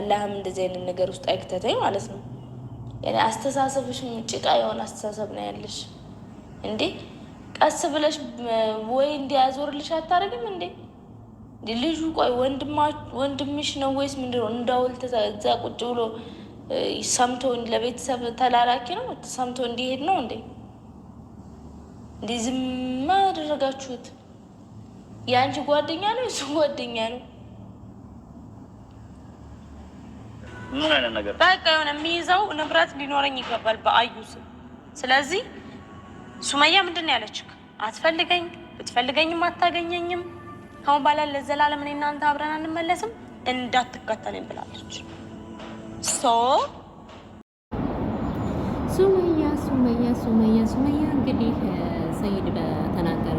አላህም እንደዚህ አይነት ነገር ውስጥ አይክተተኝ ማለት ነው። ያኔ አስተሳሰብሽም ጭቃ የሆነ አስተሳሰብ ነው ያለሽ እንዴ። ቀስ ብለሽ ወይ እንዲያዞርልሽ አታደርግም እንዴ? ልጁ ቆይ ወንድምሽ ነው ወይስ ምንድን ነው? እንዳውል እዛ ቁጭ ብሎ ሰምቶ ለቤተሰብ ተላላኪ ነው ሰምቶ እንዲሄድ ነው እንዴ? እንዲህ ዝም አደረጋችሁት። የአንቺ ጓደኛ ነው የሱ ጓደኛ ነው ምን አይነት ነገር በቃ የሆነ የሚይዘው ንብረት ሊኖረኝ ይገባል በአዩ ስም። ስለዚህ ሱመያ ምንድን ነው ያለች? አትፈልገኝ፣ ብትፈልገኝም አታገኘኝም። ከአሁን በኋላ ለዘላለም እኔ እናንተ አብረን አንመለስም፣ እንዳትከተለኝ ብላለች። ሶ ሱመያ ሱመያ ሱመያ ሱመያ እንግዲህ ሰይድ በተናገረ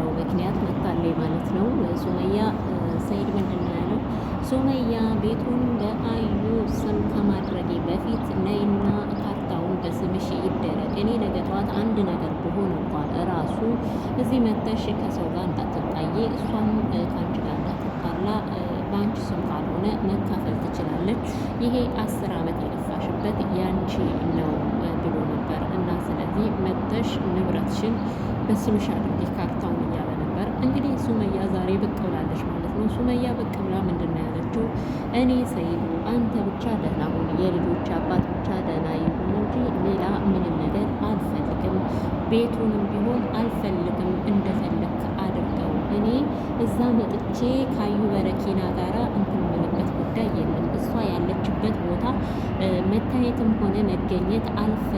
ማለት ነው። ሱመያ ሰይድ ምንድን ነው ያለው? ሱመያ ቤቱን በአዩ ስም ከማድረጌ በፊት ነይና ካርታውን በስምሽ ይደረግ። እኔ ነገ ጠዋት አንድ ነገር ብሆን እንኳን እራሱ እዚህ መተሽ ከሰው ጋር እንዳትጣዬ፣ እሷም ከአንቺ ጋር እንዳትጣላ በአንቺ ስም ካልሆነ መካፈል ትችላለች። ይሄ አስር ዓመት የለፋሽበት ያንቺ ነው ብሎ ነበር እና ስለዚህ መተሽ ንብረትሽን በስምሽ አድርጌ እንግዲህ ሱመያ ዛሬ ብቅ ብላለች ማለት ነው። ሱመያ ብቅ ብላ ምንድን ነው ያለችው? እኔ ሰይዱ አንተ ብቻ ደህና ሁን፣ የልጆች አባት ብቻ ደህና ይሁን እንጂ ሌላ ምንም ነገር አልፈልግም። ቤቱንም ቢሆን አልፈልግም፣ እንደፈለግክ አድርገው። እኔ እዛ መጥቼ ካዩ በረኪና ጋራ እንትንምልበት ጉዳይ የለም። እሷ ያለችበት ቦታ መታየትም ሆነ መገኘት አልፈ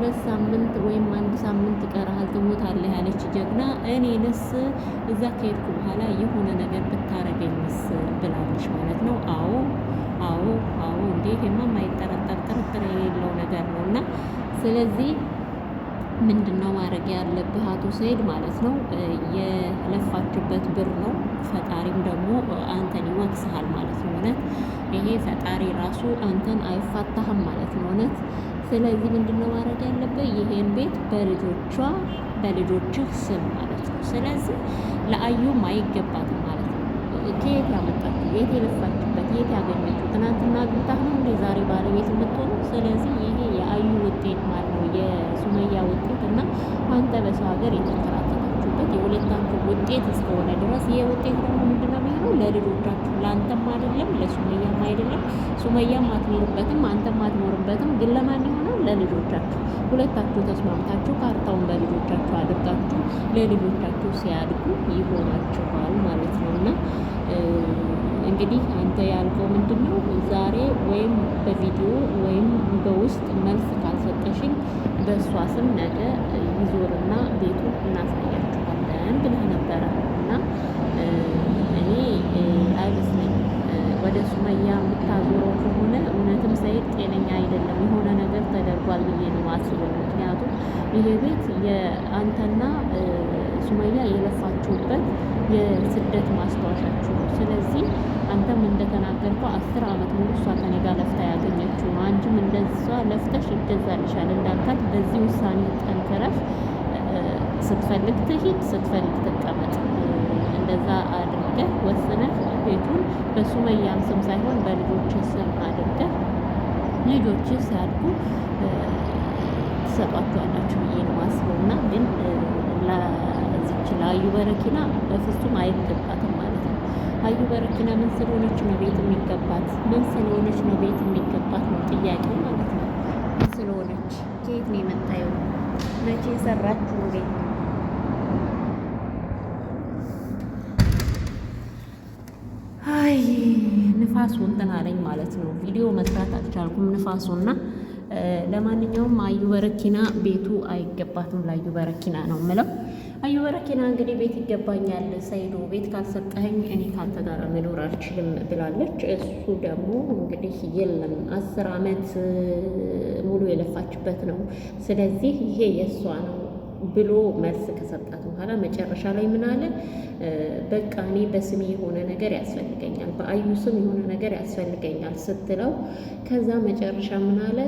ሁለት ሳምንት ወይም አንድ ሳምንት ቀርሃል ትሞታለህ ያለች ጀግና እኔንስ እዛ ከሄድኩ በኋላ የሆነ ነገር ብታረገኝስ ብላለች ማለት ነው። አዎ አዎ አዎ፣ እንዴ ይሄማ የማይጠረጠር ጥርጥር የሌለው ነገር ነው እና ስለዚህ ምንድን ነው ማድረግ ያለብህ አቶ ሰይድ ማለት ነው። የለፋችሁበት ብር ነው። ፈጣሪም ደግሞ አንተን ይወቅስሃል ማለት ነው። እውነት ይሄ ፈጣሪ ራሱ አንተን አይፋታህም ማለት ነው። እውነት ስለዚህ ምንድን ነው ማድረግ ያለብህ ይሄን ቤት በልጆቿ በልጆችህ ስም ማለት ነው። ስለዚህ ለአዩም አይገባትም ማለት ነው። ከየት ያመጣችሁ የት የለፋችሁበት? የት ያገኘችሁ? ትናንትና አግብታህ ነው እንደ ዛሬ ባለቤት የምትሆኑ። ስለዚህ ይሄ የአዩ ውጤት ነገር የተከራከራችሁበት የሁለታችሁ ውጤት እስከሆነ ድረስ ይሄ ውጤት ደግሞ ምንድነው የሚሆነው? ለልጆቻችሁ ለአንተም አይደለም ለሱመያም አይደለም። ሱመያም አትኖርበትም፣ አንተም አትኖርበትም። ግን ለማን የሆነው? ለልጆቻችሁ። ሁለታችሁ ተስማምታችሁ ካርታውን ለልጆቻችሁ አድርጋችሁ ለልጆቻችሁ ሲያድጉ ይሆናችኋል ማለት ነው እና እንግዲህ አንተ ያልከው ምንድን ነው? ዛሬ ወይም በቪዲዮ ወይም በውስጥ መልስ ካልሰጠሽኝ በእሷ ስም ነገ ይዞርና ቤቱ እናሳያችኋለን ብለህ ነበረ እና እኔ አይመስለኝም ወደ ሱመያ የምታዞረው ከሆነ እውነትም ሰይድ ጤነኛ አይደለም፣ የሆነ ነገር ተደርጓል ብዬ ነው አስበው። ምክንያቱም ይሄ ቤት የአንተና ሱመያ የለፋችሁበት የስደት ማስታወሻችሁ ነው። ስለዚህ አንተም እንደተናገርከው አስር አመት ሙሉ እሷ ከኔ ጋር ለፍታ ያገኘችው ነው። አንቺም እንደዛ ለፍተሽ ይገዛልሻል እንዳልካት በዚህ ውሳኔ ጠንክረሽ ስትፈልግ ትሂድ፣ ስትፈልግ ትቀመጥ፣ እንደዛ አድርገህ ወስነህ ቤቱን በሱመያም ስም ሳይሆን በልጆች ስም አድርገህ ልጆች ሲያድጉ ትሰጧቸዋላችሁ ብዬ ነው ማስበው እና ግን ለዚች ለአዩ በረኪና በፍጹም አይገባትም ማለት ነው። አዩ በረኪና ምን ስለሆነች ነው ቤት የሚገባት? ምን ስለሆነች ነው ቤት የሚገባት ነው ጥያቄው ማለት ነው። ምን ስለሆነች ከየት ነው የመታየው? መቼ ሰራችሁ ቤት ንፋሱ እንትን አለኝ ማለት ነው። ቪዲዮ መስራት አልቻልኩም ንፋሱና ለማንኛውም አዩ በረኪና ቤቱ አይገባትም። ላዩ በረኪና ነው ምለው። አዩ በረኪና እንግዲህ ቤት ይገባኛል ሰይዶ ቤት ካልሰጠኸኝ እኔ ካንተ ጋር መኖር አልችልም ብላለች። እሱ ደግሞ እንግዲህ የለም አስር አመት ሙሉ የለፋችበት ነው። ስለዚህ ይሄ የእሷ ነው ብሎ መልስ ከሰጣት በኋላ መጨረሻ ላይ ምን አለ? በቃ እኔ በስሜ የሆነ ነገር ያስፈልገኛል፣ በአዩ ስም የሆነ ነገር ያስፈልገኛል ስትለው፣ ከዛ መጨረሻ ምን አለ?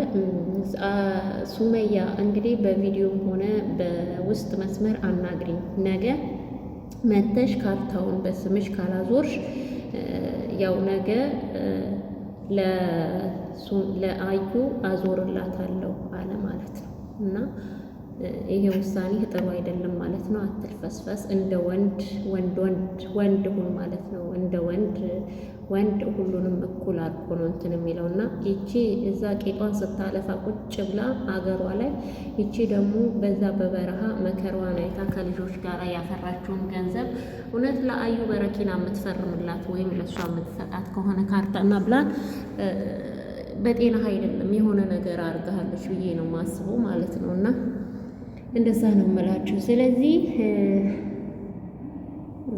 ሱመያ እንግዲህ በቪዲዮም ሆነ በውስጥ መስመር አናግሪኝ፣ ነገ መተሽ ካርታውን በስምሽ ካላዞርሽ ያው ነገ ለአዩ አዞርላታለሁ አለ ማለት ነው እና ይሄ ውሳኔ ጥሩ አይደለም ማለት ነው። አትልፈስፈስ። እንደ ወንድ ወንድ ወንድ ወንድ ሁን ማለት ነው። እንደ ወንድ ወንድ ሁሉንም እኩል አድርጎ ነው እንትን የሚለው እና ይቺ እዛ ቄጧን ስታለፋ ቁጭ ብላ አገሯ ላይ ይቺ ደግሞ በዛ በበረሃ መከሯን አይታ ከልጆች ጋር ያፈራችውን ገንዘብ እውነት ለአዩ በረኪና የምትፈርምላት ወይም ለእሷ የምትሰጣት ከሆነ ካርታና ብላን በጤና አይደለም የሆነ ነገር አድርጋሃለች ብዬ ነው ማስበው ማለት ነው። እንደዛ ነው የምላችሁ። ስለዚህ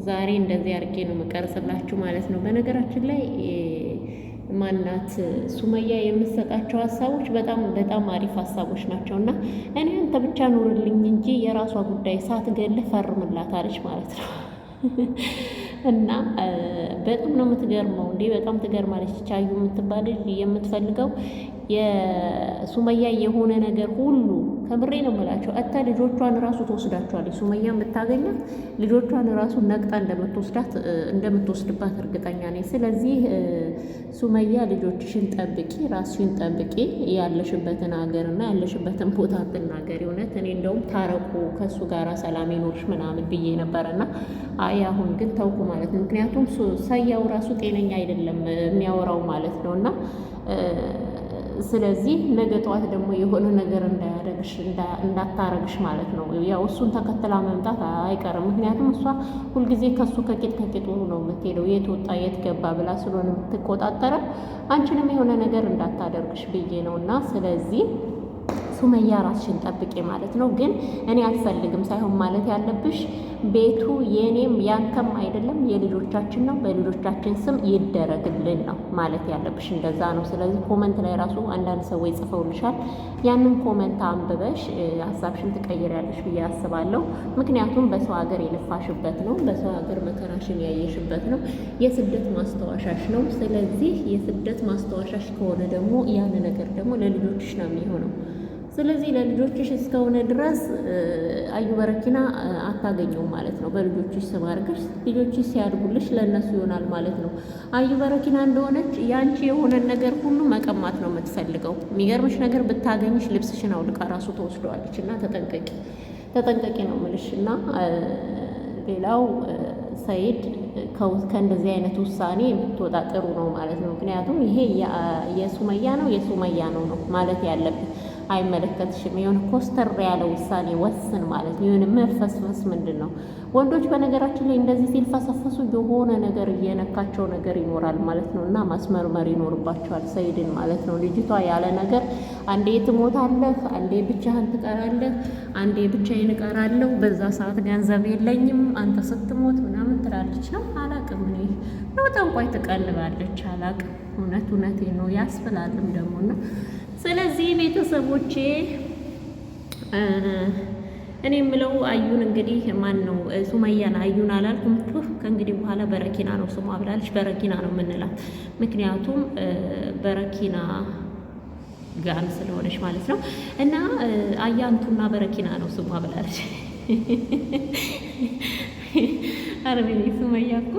ዛሬ እንደዚህ አርጌ ነው የምቀርጽላችሁ ማለት ነው። በነገራችን ላይ ማናት ሱመያ የምሰጣቸው ሀሳቦች በጣም በጣም አሪፍ ሀሳቦች ናቸው እና እኔ አንተ ብቻ ኑርልኝ እንጂ የራሷ ጉዳይ ሳትገልህ ፈርምላት አለች ማለት ነው። እና በጣም ነው የምትገርመው እንዴ! በጣም ትገርማለች። ቻዩ የምትባል የምትፈልገው የሱመያ የሆነ ነገር ሁሉ ከምሬ ነው የምላቸው። እታ ልጆቿን ራሱ ትወስዳቸዋለች። ሱመያ የምታገኛት ልጆቿን ራሱ ነቅጣ እንደምትወስዳት እንደምትወስድባት እርግጠኛ ነኝ። ስለዚህ ሱመያ ልጆችሽን ጠብቂ፣ ራስሽን ጠብቂ። ያለሽበትን ሀገርና ያለሽበትን ቦታ ትናገሪ። እውነት እኔ እንደውም ታረቁ ከእሱ ጋር ሰላም ይኖርሽ ምናምን ብዬ ነበረና አይ አሁን ግን ተውኩ ማለት ነው። ምክንያቱም ሰያው ራሱ ጤነኛ አይደለም የሚያወራው ማለት ነው እና ስለዚህ ነገ ጠዋት ደግሞ የሆነ ነገር እንዳያረግሽ እንዳታረግሽ ማለት ነው። ያው እሱን ተከትላ መምጣት አይቀርም። ምክንያቱም እሷ ሁልጊዜ ከሱ ከቂጥ ከቂጡ ነው የምትሄደው፣ የት ወጣ የት ገባ ብላ ስለሆነ የምትቆጣጠረ አንቺንም የሆነ ነገር እንዳታደርግሽ ብዬ ነው እና ስለዚህ ሱመያ ራስሽን ጠብቄ ማለት ነው። ግን እኔ አልፈልግም ሳይሆን ማለት ያለብሽ ቤቱ የእኔም ያንተም አይደለም የልጆቻችን ነው፣ በልጆቻችን ስም ይደረግልን ነው ማለት ያለብሽ። እንደዛ ነው። ስለዚህ ኮመንት ላይ ራሱ አንዳንድ ሰዎች ጽፈውልሻል። ያንን ኮመንት አንብበሽ ሀሳብሽን ትቀይሪያለሽ ብዬ አስባለሁ። ምክንያቱም በሰው ሀገር የለፋሽበት ነው፣ በሰው ሀገር መከራሽን ያየሽበት ነው፣ የስደት ማስታወሻሽ ነው። ስለዚህ የስደት ማስታወሻሽ ከሆነ ደግሞ ያን ነገር ደግሞ ለልጆችሽ ነው የሚሆነው። ስለዚህ ለልጆችሽ እስከሆነ ድረስ አዩ በረኪና አታገኘው ማለት ነው። በልጆችሽ ስም አድርገሽ ልጆችሽ ሲያድጉልሽ ለእነሱ ይሆናል ማለት ነው። አዩ በረኪና እንደሆነች ያንቺ የሆነን ነገር ሁሉ መቀማት ነው የምትፈልገው። የሚገርምሽ ነገር ብታገኝሽ ልብስሽን አውልቃ ራሱ ተወስደዋለች። እና ተጠንቀቂ ተጠንቀቂ ነው ምልሽ እና ሌላው ሰይድ ከእንደዚህ አይነት ውሳኔ የምትወጣ ጥሩ ነው ማለት ነው። ምክንያቱም ይሄ የሱመያ ነው የሱመያ ነው ነው ማለት ያለብን አይመለከትሽም። የሆነ ኮስተር ያለ ውሳኔ ወስን ማለት ነው። የሆነ መፈስፈስ ምንድን ነው? ወንዶች በነገራችን ላይ እንደዚህ ሲልፈሰፈሱ የሆነ ነገር እየነካቸው ነገር ይኖራል ማለት ነው። እና ማስመርመር ይኖርባቸዋል ሰይድን ማለት ነው። ልጅቷ ያለ ነገር አንዴ ትሞታለህ፣ አንዴ ብቻህን ትቀራለህ፣ አንዴ ብቻዬን እቀራለሁ፣ በዛ ሰዓት ገንዘብ የለኝም፣ አንተ ስትሞት ምናምን ትላለች ነው። አላቅም እኔ ነው ጠንቋይ ትቀልባለች። አላቅም እውነት እውነቴ ነው ያስብላልም ደግሞ እና ቤተሰቦቼ እኔ የምለው አዩን እንግዲህ ማን ነው ሱመያን አዩን አላልኩም። ከእንግዲህ በኋላ በረኪና ነው ስሟ ብላለች። በረኪና ነው የምንላት ምክንያቱም በረኪና ጋር ስለሆነች ማለት ነው። እና አያንቱና በረኪና ነው ስሟ ብላለች። አረቤ ሱመያ እኮ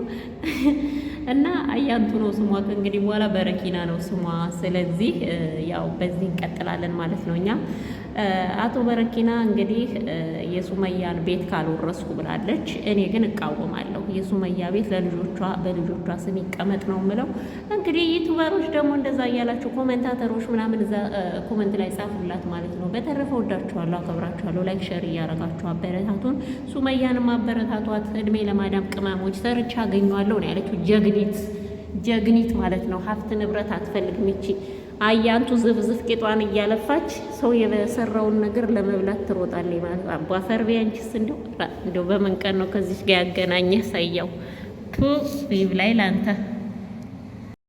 እና አያንቱ ነው ስሟ። ከእንግዲህ በኋላ በረኪና ነው ስሟ። ስለዚህ ያው በዚህ እንቀጥላለን ማለት ነው እኛ አቶ በረኪና እንግዲህ የሱመያን ቤት ካልወረስኩ ብላለች። እኔ ግን እቃወማለሁ። የሱመያ ቤት ለልጆቿ በልጆቿ ስም ይቀመጥ ነው ምለው። እንግዲህ ዩቱበሮች ደግሞ እንደዛ እያላችሁ ኮመንታተሮች ምናምን እዛ ኮመንት ላይ ጻፉላት ማለት ነው። በተረፈ ወዳችኋለሁ፣ አከብራችኋለሁ። ላይክ ሸር እያረጋችሁ አበረታቱን። ሱመያንም አበረታቷት። እድሜ ለማዳም ቅመሞች ሰርቻ አገኘዋለሁ ነው ያለችው። ጀግኒት ጀግኒት ማለት ነው። ሀብት ንብረት አትፈልግም ይቺ አያንቱ ዝፍዝፍ ቂጧን እያለፋች ሰው የሰራውን ነገር ለመብላት ትሮጣለች ማለት አቦ አፈር ቢያንችስ እንደው እንደው በምን ቀን ነው ከዚች ጋር ያገናኘ ሳያው ቱ ይብላይ ላንተ